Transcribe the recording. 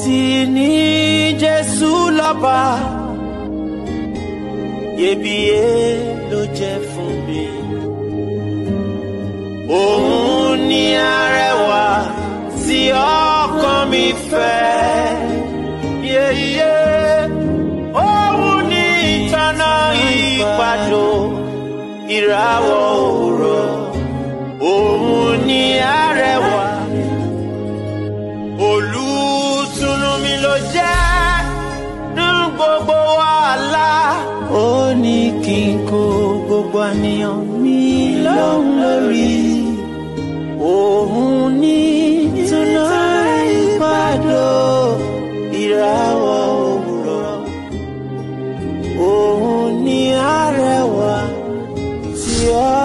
ti ní Jésù lọ́ba iyebíye ló jẹ́ fún mi òun ni arẹwà tí ọkàn mi fẹ́ yeye òun ni ìtọ́nà ìpàdó ìràwọ̀ òun. ló jẹ́ nínú gbogbo wàhálà ó ní kí n kó gbogbo àníyàn mi lóhùn lórí òun ní túná ìpàdó ìràwọ̀ òwúrọ̀ òun ní àrẹwà tí ó.